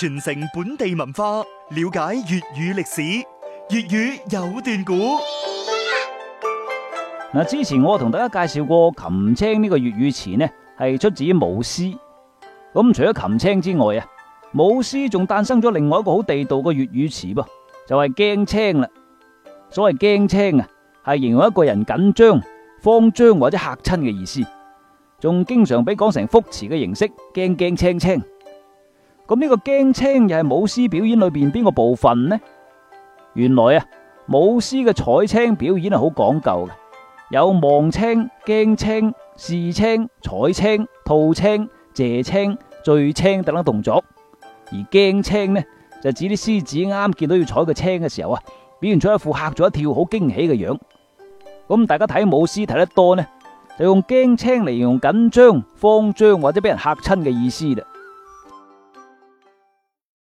傳承本地文化，了解粵語歷史，粵語有段古。嗱，之前我同大家介紹過“擒青”呢個粵語詞呢係出自舞獅。咁、嗯、除咗擒青之外啊，舞獅仲誕生咗另外一個好地道嘅粵語詞噃，就係、是、驚青啦。所謂驚青啊，係形容一個人緊張、慌張或者嚇親嘅意思。仲經常俾講成複詞嘅形式，驚驚青青青。咁呢個驚青又係舞獅表演裏邊邊個部分呢？原來啊，舞獅嘅採青表演係好講究嘅，有望青、驚青、試青、採青、吐青、謝青、醉青等等動作。而驚青呢，就指啲獅子啱見到要採個青嘅時候啊，表現出一副嚇咗一跳、好驚喜嘅樣。咁、嗯、大家睇舞獅睇得多呢，就用驚青嚟形容緊張、慌張或者俾人嚇親嘅意思啦。